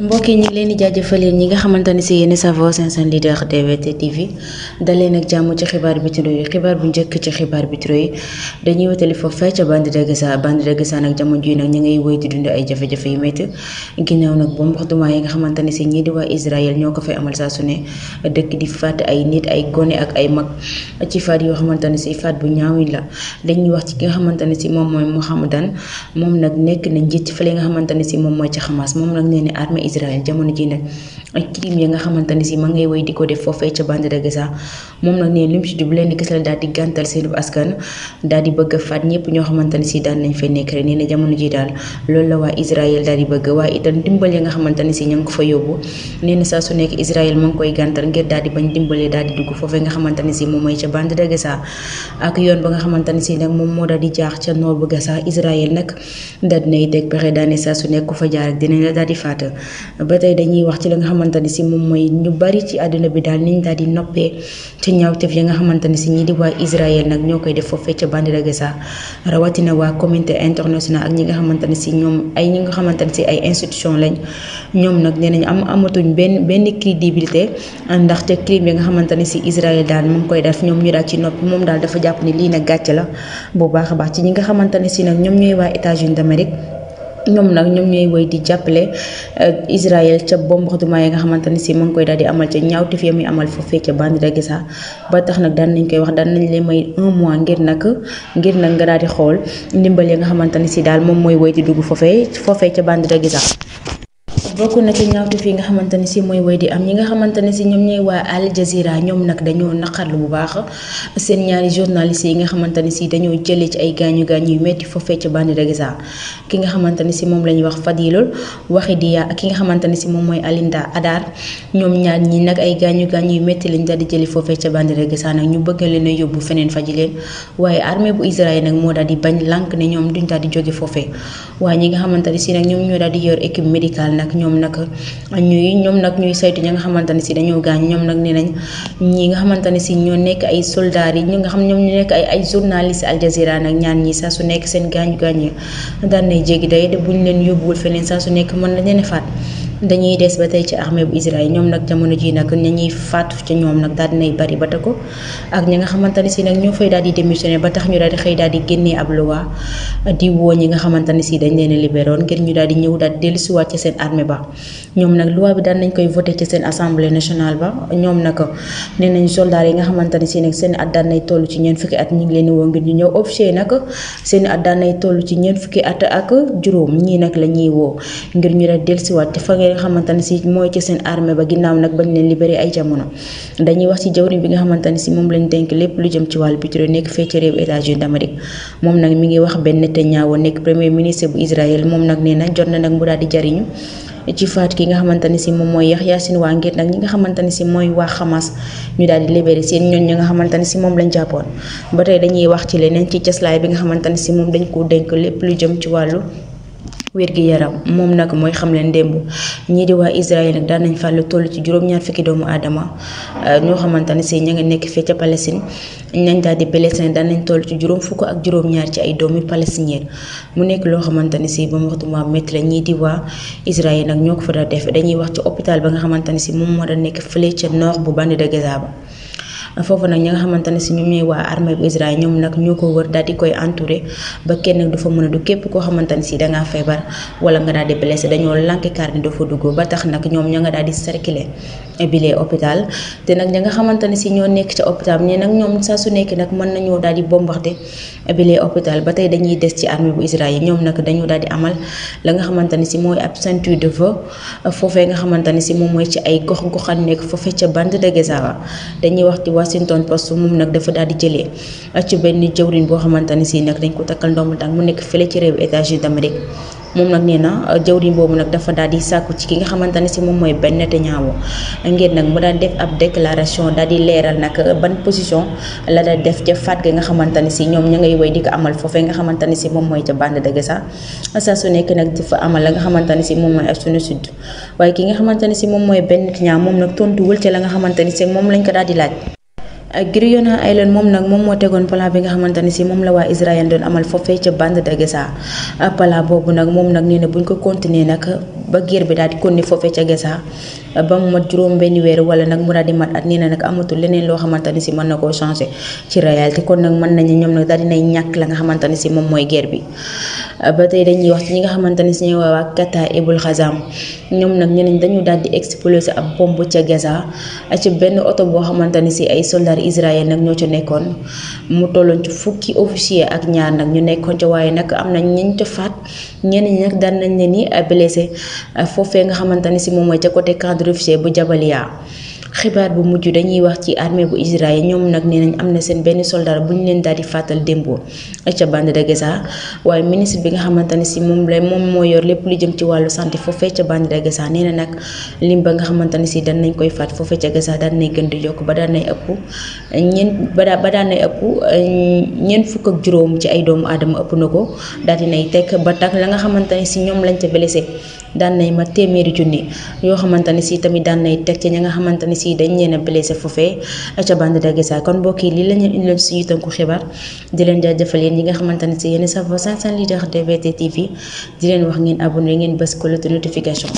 mbokk yi ñu leen di jaajëfal yéen ñi nga xamante ne si yéen savo seen seen leader DVT TV daleen ak jàmm ci xibaar bitim réew xibaar bu njëkk ci xibaar bitim réew dañuy wétali foofee ca bande de Gaza bande de Gaza nag jamono jii nag ñu ngay wéy di dund ay jafe-jafe yu métti ginnaaw nag bombardement yi nga xamante ne si ñii di waa Israël ñoo ko fay amal saa su ne dëkk di faat ay nit ay gone ak ay mag ci faat yoo xamante ne si faat bu ñaawin la dañuy wax ci ki nga xamante ne si moom mooy Mohamdan moom na njiit fële nga xamante ne si moom mooy ci Hamas moom nag nee ne armée Israël jamono ji nag ak crime ya nga mangai si ma ngay way di eh, ko def foofee ca bande de Gaza moom nag nee lim ci la askan daal di bëgg faat ñëpp ñoo xamantani si daan nañ fay nekk rek nee na jamono ji daal loolu la waa Israël daal bëgg waaye itam dimbal ya nga xamantani si ña ngi ko fa yóbbu nee na saa su nekk Israël ma ngi koy ngir daal di bañ dimbalee daal di dugg foofee nga xamantani si moom mooy bande de Gaza ak yoon ba nga di jaax ca noor Gaza Israël nag daal dinay teg pexe daane saa su ku fa jaar dinañ la ba tey dañuy wax ci li nga xamante ne si moom mooy ñu bari ci àdduna bi daal niñ daal di noppee ci ñaawteef yi nga xamante ne si ñi di waa Israël nag ñoo koy def foofee ca bande de Gaza rawatina waa communauté internationale ñi nga xamante ne si ñoom ay ñi nga xamante ne si ay institution lañ ñoom nag nee nañ am amatuñ benn benn crédibilité ndaxte crime yi nga xamante ne si Israël daal moom koy def ñoom ñu daal ci noppi moom daal dafa jàpp ni lii nag gàcc la bu baax a baax ci ñi nga xamante ne si nag ñoom ñooy waa États-Unis d'Amérique ñoom nag ñoom ñooy woy di jàppale euh, Israël ca bombardement yi nga xamante ne si mu ngi koy daal di amal ca ñaawteef ya muy amal foofee ca bande de Gaza ba tax nag daan nañ koy wax daan nañ leen may un mois ngir nag ngir nag nga daal di xool ndimbal ya nga xamante ne si daal moom mooy woy di dugg foofee foofee ca bande de Gaza. bokk na ci ñaawteef yi nga xamante ne si mooy way di am ñi nga xamante ne si ñoom ñooy waa Al Jazeera ñoom nag dañoo naqarlu bu baax seen ñaari journaliste yi nga xamante ne si dañoo jëlee ci ay gaañu gaañu yu metti foofee ci bande de Gaza ki nga xamante ne si moom la ñuy wax Fadilul Waxidiya ak ki nga xamante ne si moom mooy Alinda Adar ñoom ñaar ñi nag ay gaañu gaañu yu metti lañ daal di jëlee foofee ca bande de Gaza nag ñu bëgg leen a yóbbu feneen faji leen waaye armée bu Israël nag moo daal di bañ lànk ne ñoom duñ daal di jóge foofee waaye ñi nga xamante ne si nag ñoom ñoo daal di yor équipe médicale nag ñoom nag ñuy ñoom nag ñuy saytu ña nga xamante ne si dañoo gaañ ñoom nag nee nañ ñi nga xamante ne si ñoo nekk ay soldats yi ñi nga xam ñoom ñu nekk ay ay journaliste Al Jazeera nag ñaan ñi saa su nekk seen gaañu gaañ yi daan nay jéggi day buñ leen yóbbuwul feneen saa su nekk mën na leen faat dañuy des ba tey ci armée bu Israël ñoom nag jamono ji nag ñuy faatu ci ñoom nag daal dinay bari ba tako ak ñi nga xamante ne si nag ñoo fay daal di démissionné ba tax ñu daal di xëy daal di génnee ab loi di woo ñi nga xamante ne dañ leen libéroon ngir ñu daal di ñëw daal di dellusiwaat ci seen armée ba ñoom nak loi bi daal nañ koy voté ci seen assemblée nationale ba ñoom nag nee nañ soldats yi nga xamante ne si nag seen at daan nay toll ci ñeen fukki at ñu ngi leen woo ngir ñu ñëw officier nag seen at daan nay toll ci ñeen fukki at ak juróom ñii nag la ñuy ngir ñu daal dellusiwaat ci nga xamante ne si mooy ca seen armée ba ginnaaw nag bañ leen libéré ay jamono dañuy wax ci jawriñ bi nga xamante si moom mooy Yahya Sinwar ngir waa Hamas ñu ñi nga xamante si moom lañ jàppoon ba tey dañuy wax ci leneen ci ceslaay bi nga xamante si moom dañ ko dénk lépp lu jëm ci wàllu wér-gi-yaram moom nag mooy xam leen démb ñii di waa Israël nag daan nañ fa lu toll ci juróom-ñaar fukki doomu aadama euh, ñoo xamante ne si ña ngi nekk fee ca Palestine nañ daal di Palestine daan nañ toll ci juróom fukk ak juróom-ñaar ci ay doomi palestinien mu nekk loo xamante ne si ba mu waxtu waa métti la ñii di waa Israël nag ñoo ko fa def dañuy wax ci hôpital ba nga xamante ne si moom moo da nekk fële ca nord bu bande de Gaza ba foofu nag ñi nga xamante si ñoom ñooy waa armée bu Israël ñoom nag ñoo ko wër anture di koy entouré ba kenn nag du fa mën a du képp koo xamante ne si da ngaa feebar wala nga daal di blessé dañoo lànk car ni dafa ba tax nag ñoom ña nga di circuler e hôpital te nag ña nga xamante ne si ñoo nekk ca hôpital ñe nag ñoom saa su nekk nag mën nañoo daal di bombarder bile hôpital ba tey dañuy des ci armée bu Israël ñoom nak dañu daal di amal la nga xamante ne si mooy ab ceinture de feu foofee nga xamante ne si moom mooy ci ay gox goxan nekk foofee ca bande de Gaza dañuy wax ci washington post moom nag dafa daal di jëlee ah, ci benn jëwrin boo xamante ne si nag dañ ko takkal ndomb tànk mu nekk fële ci réew états unis d' amérique moom nag nee na ah, jëwrin boobu nag dafa daal di sàkku ci ki nga xamante ne si moom mooy benn Netanyahu ngeen nag mu daal def ab déclaration daal di leeral nag ah, ban position la daal def ca faat ga nga xamante ne si ñoom ña way di ko amal foofee nga xamante ne si moom mooy ca bande de Gaza saa su nekk nag dafa amal la nga xamante ne si moom mooy sunu sud waaye ki nga xamante ne si moom mooy benn ñaa moom nag wul ci la nga xamante si moom lañ ko daal di laaj Euh, Giriyona Island moom nag moom moo tegoon plan bi nga xamante ne si moom la waa Israël doon amal foofee ca bande de Gaza euh, plan boobu nag moom nag nee bu buñ ko continuer nag ba guerre bi daal di continuer foofee ca Gaza ba mu mat juróom benn weer wala nag mu daal di mat at nee na nag amatul leneen loo xamante ne si mën na koo changé ci réalité kon nag mën nañu ñoom nag daal dinay ñàkk la nga xamante ne si moom mooy guerre bi ba tey dañuy wax ci ñi nga xamante ne si ñooy waa Qatar Ibul Khazam ñoom nag ñeneen dañu daal di explosé ab bombe ca Gaza ci benn oto boo xamante ne si ay soldats israël nag ñoo ca nekkoon mu tolloon ci fukki officier ak ñaar nag ñu nekkoon ca waaye nag am na ñañ ca faat ñeneen ñi nag ne nañ leen ni blessé foofee nga xamante ne si moom mooy ca côté camp Russie bu yaa xibaar bu mujj dañuy wax ci armée bu Israël ñoom nag nee nañ am na seen benn soldat bu ñu leen daal di fàttal démboo ca bande de Gaza waaye ministre bi nga xamante ne si moom la moom yor lépp lu jëm ci wàllu santé foofee ca bande de Gaza nee na nag lim ba nga xamante ne si daan nañ koy faat foofee ca Gaza daan nay gën di yokk ba daan nay ëpp ñeent ba daan nay ëpp euh, ñeent fukk ak juróom ci ay doomu aadama ëpp na ko daal di nay tekk ba tax la nga xamante ne si ñoom lañ ca blessé daan nay ma téeméeri junni yoo xamante ne si tamit daan nay teg ci ñi nga xamante ne si dañ leen a blessé foofee ca bande de Gaza kon mbokk yi lii la ñu indi leen suñu xibaar di leen jaajafal yéen ñi nga xamante ne si yéen a safoo 500 leaders de VT TV di leen wax ngeen abonné ngeen bës ko la notification.